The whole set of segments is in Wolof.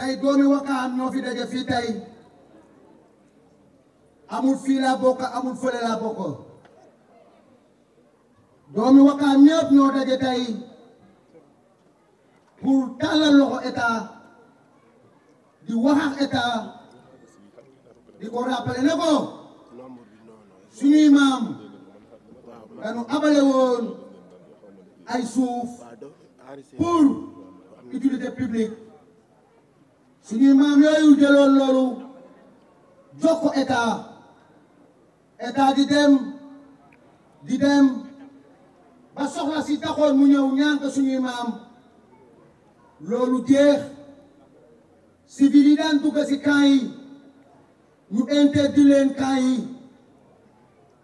tey doomi Wakaam ñoo fi daje fii tey amul fii laa bokk amul fële laa bokk doomi Wakaam ñëpp ñoo daje tey pour tàllal loxo état di wax ak di ko rappelé ne ko suñuy maam dañu abale woon ay suuf pour utilité publique suñuy maam yooyu jëloon loolu jox ko état état di dem di dem ba soxla si taxoon mu ñëw ñaan suñuy maam loolu jeex civil yi daan dugg si camp yi ñu interdit leen camp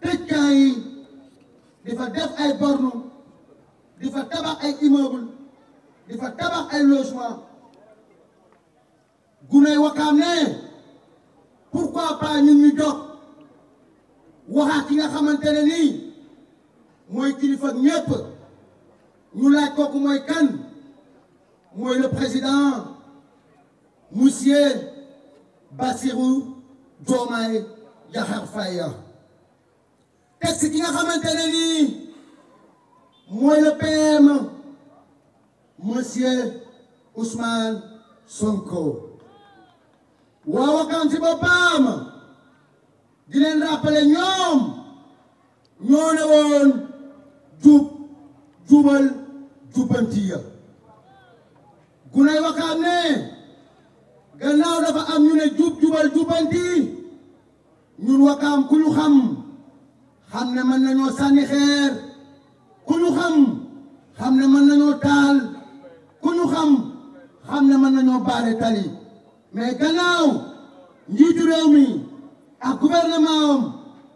yi tëj yi di fa def ay borne di fa tabax ay immeuble di fa tabax ay logement guney Wakaam ne pourquoi pas ñun ñu jot waxaa ki nga xamante ne mooy kilifa ñépp ñu laaj kooku mooy kan mooy le président monsieur Bassirou Diomaye Diakhar Faye ki nga xamante ne nii mooy le PM monsieur Ousmane Sonko woowakaan si boppam di leen rappelé ñoom ñoo ne woon jub jubal jubbanti ya gunay wakaam ne gannaaw dafa am ñu ne jub jubal jubbanti ñun wakaam ku ñu xam xam ne mën nañoo sànni xeer ku ñu xam xam ne mën nañoo taal ku ñu xam xam ne mën nañoo baare tali mais gannaaw njiitu réew mi ak gouvernement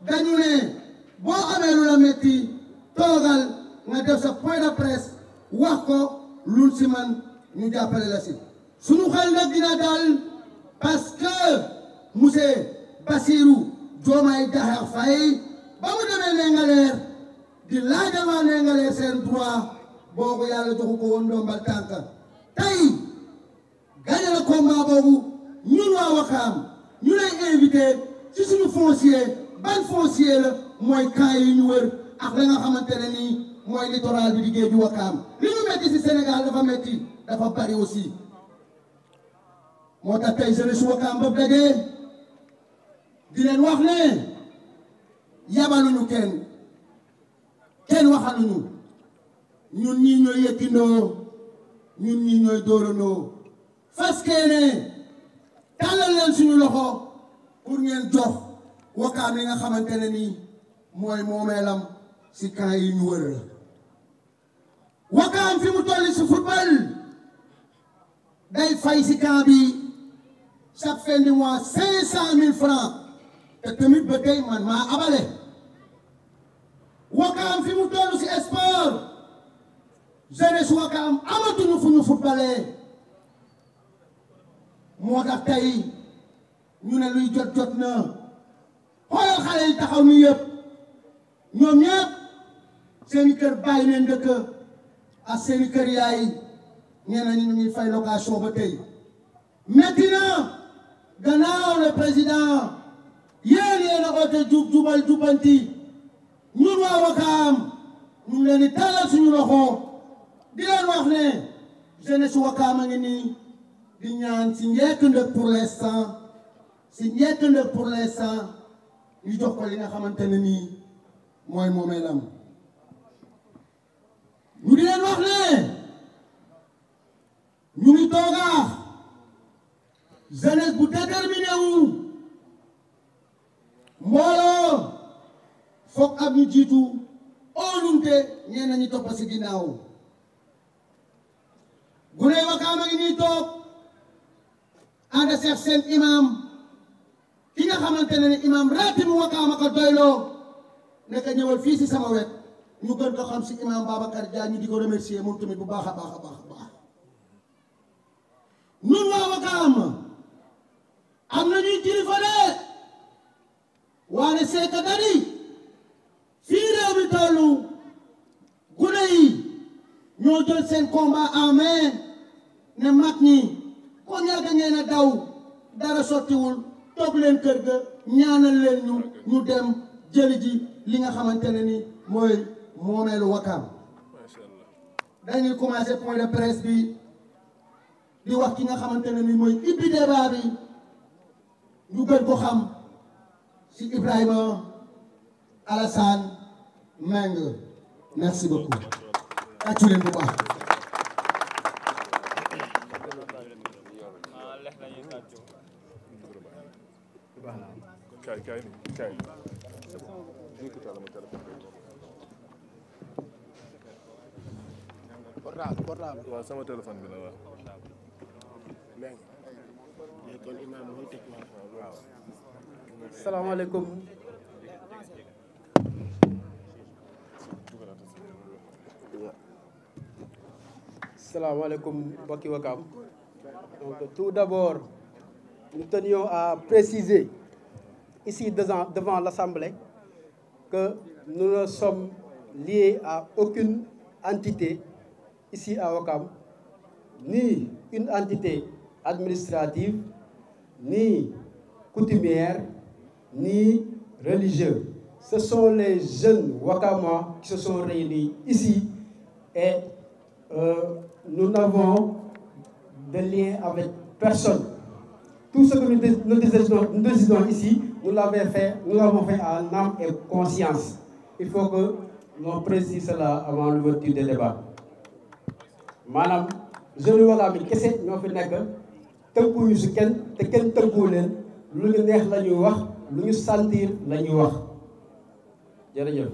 dañu ne boo amee lu la métti toogal nga def sa point de wax ko lul si man ñu jàppale la si suñu xel nag dina dal parce que monsieur Bassirou Diomaye Diakhar ba mu demee Ndingler di laaj waa seen droit boobu yàlla joxu ko woon tànk tey gañe la boobu waa Wakaam ñu lay invité ci suñu foncier ban foncier la mooy camp yi ñu wër ak la nga xamante ne nii mooy littoral bi di géeju Wakaam li ñu metti ci Sénégal dafa metti dafa bari aussi moo tax tey jeunesse Wakaam bopp dajee di leen wax ne yabaluñu kenn kenn waxaluñu ñun ñii ñooy yëkkindoo ñun ñii ñooy dóorandoo fas ne tàllal leen suñu loxo pour ngeen jox wakkaam li nga xamante ne nii mooy moomeelam si camp yi ñu wër la wakkaam fi mu tolli si football day fay si camp bi chaque fin de mois cinq cent mille francs te tamit ba tey man maa abale wakkaam fi mu toll si sport jeunesse wakkaam amatuñu fu ñu footballee moo tax tey ñu ne luy jot jot na xoolal xale taxaw ni yëpp ñoom ñëpp seeni kër bàyyi leen dëkk ak seeni kër yaay ñee nañu ñu ngi fay location ba tey maintenant gannaaw le président yéen yéen a oote jub jubal jubanti ñun waa Wakaam ñu ngi leen di tàllal suñu loxo di leen wax ne jeunesse Wakaam a ngi nii di ñaan si njëkk ndëg pour l'instant si njëkk ndëg pour l'instant ñu jox ko li nga xamante ne nii mooy moomeelam ñu di leen wax ne ñu ngi toogaax jeunesse bu déterminé wu mbooloo foog ab ñu jiitu óolunte ñeen nañu topp ci ginnaaw gune wakaama ngi nii toog ànd seex seen imaam ki nga xamante ne imaam raati mu wakaama ko doyloo nekk ñëwal fii si sama wet ñu gën ko xam si imaam Babacar ñu di ko remercier moom tamit bu baax a baax a baax a baax nun waa wakaam am na ñuy kilifa de waane seeka dari fii réew mi tollu gune yi ñoo jël seen combat en ne mag ñi daw dara sottiwul toog leen kër ga ñaanal leen ñu ñu dem jëli ji li nga xamante ne ni mooy moomeelu Wakaam dañuy commencé point de presse bi di wax ki nga xamante ne ni mooy ibbi débat bi ñu gën ko xam ci Ibrahima Alassane Mbengue merci beaucoup tàccu leen bu baax Kay sama téléphone bi la waaw. mais kon imaam mooy tëj ma. waaw. salaamaaleykum. salaamaaleykum Wakaam donc tout nous tenions à préciser ici devant, devant l'Assemblée que nous ne sommes liés à aucune entité ici à Wakam, ni une entité administrative, ni coutumière, ni religieuse. Ce sont les jeunes Wakamois qui se sont réunis ici et euh, nous n'avons de lien avec personne. Tout ce que nous, nous, décidons, nous décidons, ici, nous l'avons fait, fait en âme et conscience. Il faut que l'on précise cela avant l'ouverture des débats. maanaam jeunes wagaam yi kese ñoo fi nekk tënkuñu si kenn te kenn tënkuwu leen lu ñu neex la ñuy wax lu ñu sentir la ñuy wax jërëjëf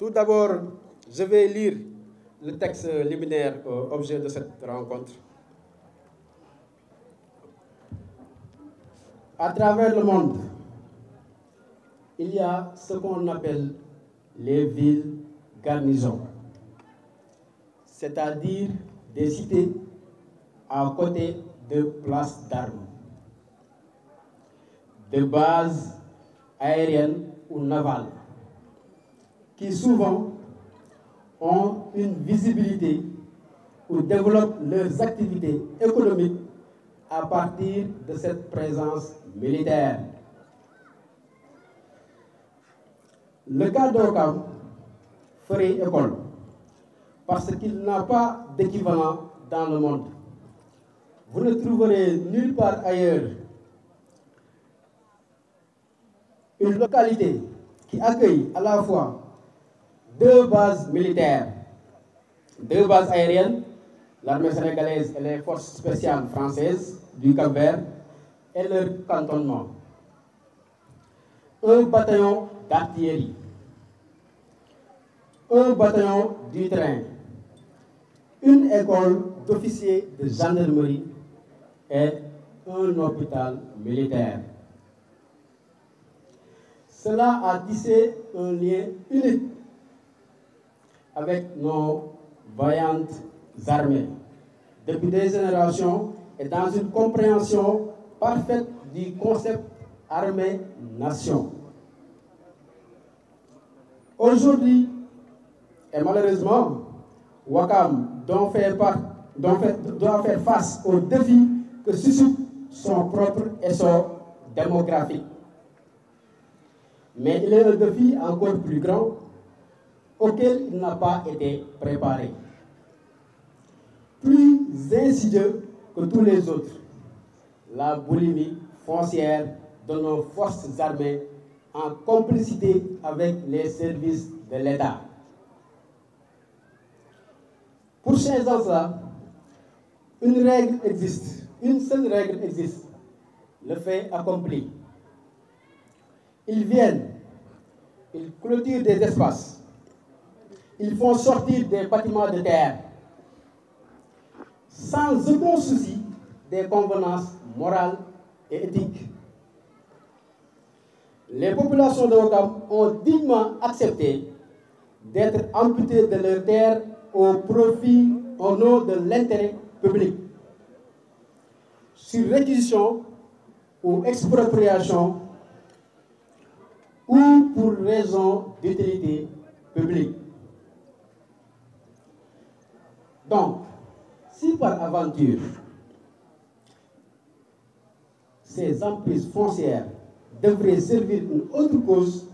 tout d'abord je vais lire le texte liminaire euh, objet de cette rencontre À travers le monde, il y a ce qu'on appelle les villes garnisons, c'est-à-dire des cités à côté de places d'armes, de bases aériennes ou navales, qui souvent ont une visibilité ou développent leurs activités économiques à partir de cette présence militaire. Le cas d'Okam ferait école parce qu'il n'a pas d'équivalent dans le monde. Vous ne trouverez nulle part ailleurs une localité qui accueille à la fois deux bases militaires, deux bases aériennes, l'armée sénégalaise et les forces spéciales françaises du Cap-Vert et leur cantonnement. Un bataillon d'artillerie, un bataillon du train, une école d'officiers de gendarmerie et un hôpital militaire. Cela a tissé un lien unique avec nos vaillantes armées depuis générations et dans une compréhension parfaite du concept armée-nation. Aujourd'hui, et malheureusement, Wakam doit faire, part, doit, faire, doit face aux défis que suscite son propre essor démographique. Mais il est un défi encore plus grand auquel il n'a pas été préparé. Plus insidieux que tous les autres la boulimie foncière de nos forces armées en complicité avec les services de l'État. Pour ces gens-là, une règle existe, une seule règle existe, le fait accompli. Ils viennent, ils clôturent des espaces, ils font sortir des bâtiments de terre, sans aucun souci des convenances morale et éthique. Les populations de Wakam ont dignement accepté d'être amputées de leurs terres au profit, au nom de l'intérêt public. Sur réquisition ou expropriation ou pour raison d'utilité publique. Donc, si par aventure ces emprises foncières devraient servir une autre cause,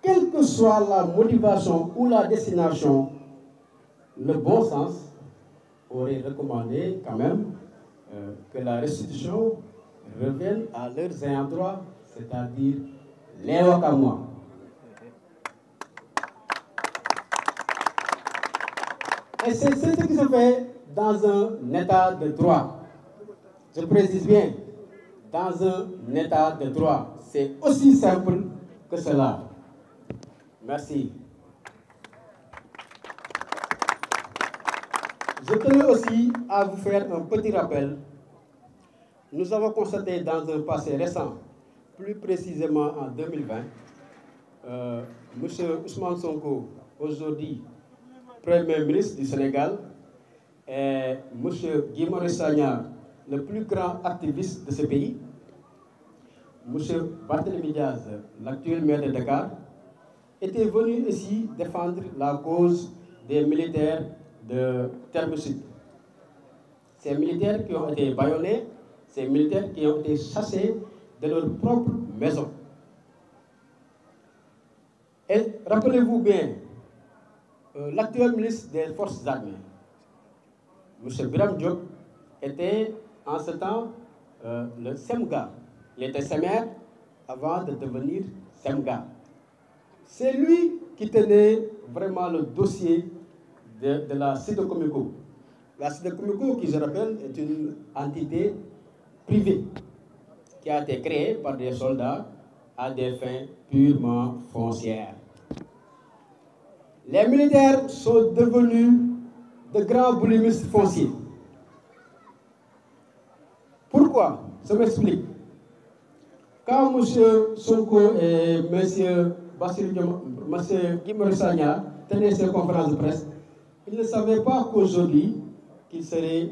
quelle que soit la motivation ou la destination, le bon sens aurait recommandé quand même euh, que la restitution revienne à leurs ayants c'est-à-dire les Wakamois. Et c'est ce qui se fait dans un état de droit. Je précise bien, dans un état de droit. C'est aussi simple que cela. Je tenais aussi à vous faire un petit rappel. Nous avons constaté dans un passé récent, plus précisément en 2020, euh, M. Ousmane Sonko, aujourd'hui Premier ministre du Sénégal, et M. Guy Maurice le plus grand activiste de ce pays, M. Barthélémy Diaz, l'actuel maire de Dakar, était venu ici défendre la cause des militaires de Terme Sud. Ces militaires qui ont été baïonnés, ces militaires qui ont été chassés de leur propre maison. Et rappelez-vous bien, euh, l'actuel ministre des Forces armées, M. Biram Diop, était En ce temps, euh, le SEMGA, il était avant de devenir SEMGA. C'est lui qui tenait vraiment le dossier de, la Comico. La Comico, qui je rappelle, est une entité privée qui a été créée par des soldats à des fins purement foncières. Les militaires sont devenus de grands boulimistes fonciers. Pourquoi Je m'explique. Quand M. Sonko et M. Bassir Guimar Sagna tenaient ces conférences de presse, ils ne savaient pas qu'aujourd'hui, qu'ils seraient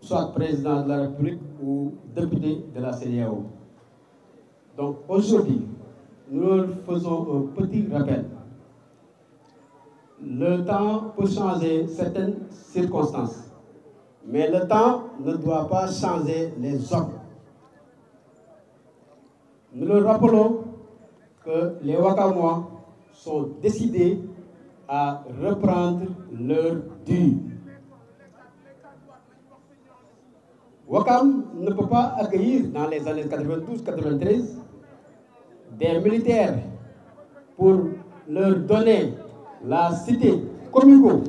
soit président de la République ou député de la CDAO. Donc aujourd'hui, nous leur faisons un petit rappel. Le temps peut changer certaines circonstances. Mais le temps ne doit pas changer les hommes. Nous leur rappelons que les Wakamois sont décidés à reprendre leur dû. Wakam ne peut pas accueillir dans les années 92-93 des militaires pour leur donner la cité Comigo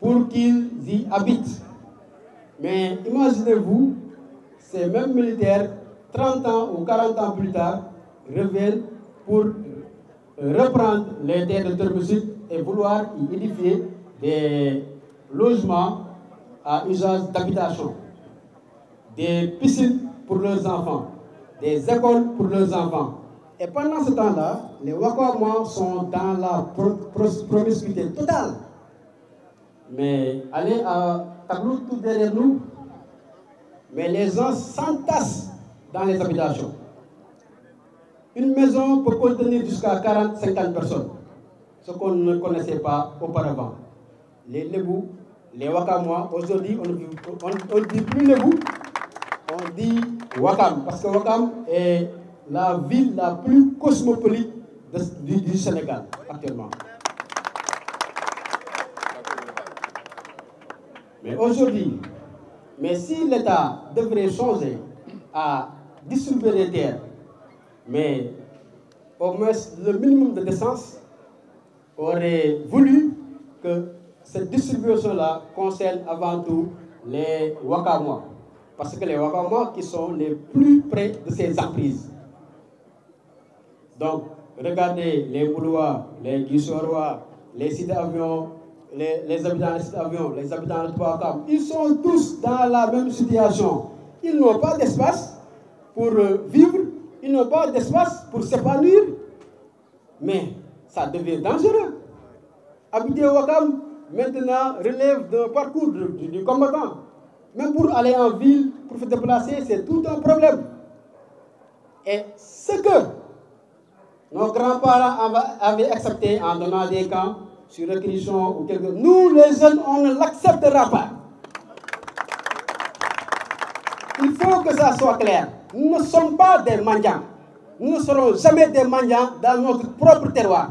pour qu'ils y habitent. Mais imaginez-vous, ces mêmes militaires, 30 ans ou 40 ans plus tard, reviennent pour euh, reprendre les terres de Termeside et vouloir y édifier des logements à usage d'habitation, des piscines pour leurs enfants, des écoles pour leurs enfants. Et pendant ce temps-là, les Wakamois sont dans la pro totale. Mais allez tableau tout derrière nous, mais les gens s'entassent dans les habitations. Une maison peut contenir jusqu'à 40, 50 personnes, ce qu'on ne connaissait pas auparavant. Les Lebou, les Wakamois, aujourd'hui on ne plus Lebou, on dit Wakam, parce que Wakam est la ville la plus cosmopolite du, Sénégal actuellement. Mais aujourd'hui, mais si l'État devrait changer à distribuer les terres, mais au moins le minimum de décence aurait voulu que cette distribution-là concerne avant tout les Wakamois. Parce que les Wakamois qui sont les plus près de ces emprises. Donc, regardez les Boulois, les Guissorois, les Sidavions, les, les habitants de les habitants de Pouakam, ils sont tous dans la même situation. Ils n'ont pas d'espace pour euh, vivre, ils n'ont pas d'espace pour s'épanouir. Mais ça devient dangereux. Habiter Wakam, maintenant, relève d'un parcours du, du, combattant. Même pour aller en ville, pour se déplacer, c'est tout un problème. Et ce que nos grands-parents avaient accepté en donnant des camps, sur réquisition ou Nous, les jeunes, on l'acceptera pas. Il faut que ça soit clair. Nous ne sommes pas des mendiants. Nous ne serons jamais des mendiants dans notre propre terroir.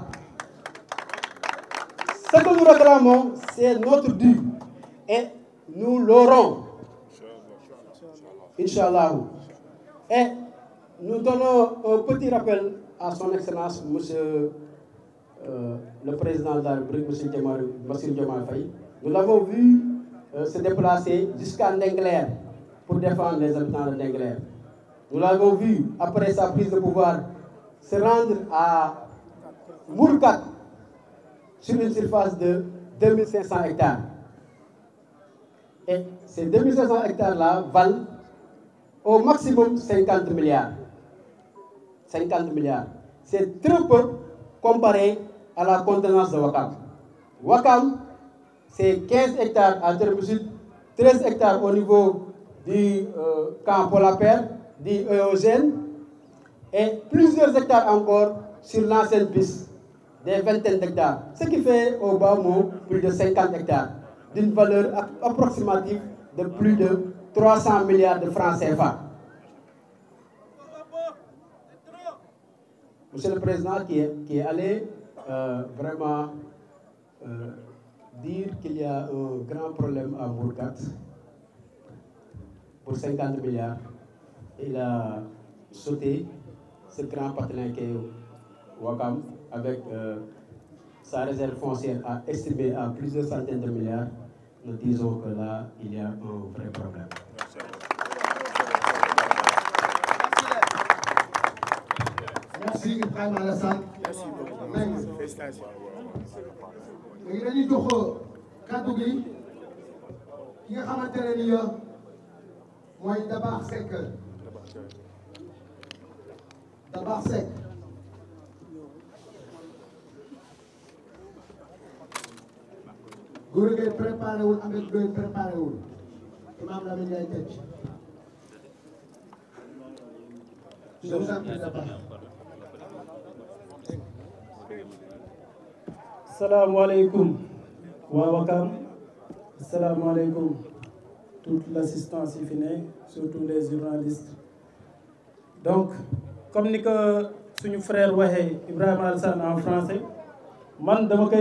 Ce que c'est notre dû. Et nous l'aurons. Inch'Allah. Et nous donnons un petit rappel à son Excellence, Monsieur Euh, le président de la République, M. Bassir Diomaye Faye. Nous l'avons vu euh, se déplacer jusqu'à Ndengler pour défendre les habitants de Ndengler. Nous l'avons vu, après sa prise de pouvoir, se rendre à Mourkat sur une surface de 2500 hectares. Et ces 2500 hectares-là valent au maximum 50 milliards. C'est très peu comparé à la contenance de Wakam. Wakam, c'est 15 hectares à Terbusit, 13 hectares au niveau du euh, camp Polapère, dit Eogène, et plusieurs hectares encore sur l'ancienne piste, des vingtaines d'hectares, ce qui fait au bas mot plus de 50 hectares, d'une valeur approximative de plus de 300 milliards de francs CFA. Monsieur le Président qui est, Euh, vraiment euh, dire qu'il y a un grand problème à Mourgat pour 50 milliards. Il a sauté ce grand patelin qu'est Wakam avec euh, sa réserve foncière à estimée à plusieurs de milliards. Nous disons que là, il y a un vrai problème. merci Ibrahima Alassane. léegi dañuy jox kàddu gi ki nga xamante ne nii mooy Dabar Seck Dabar Seck. góor ngay préparé wul Ahmed Ndoye préparé wul Imam Lamine Ndiaye tëj. je vous en prie salaamaaleykum waa Wakaam salaamaaleykum toute l'assistance yi fi ne surtout les journalistes donc comme ni ko suñu frère waxee Ibrahima Alassane en français man dama koy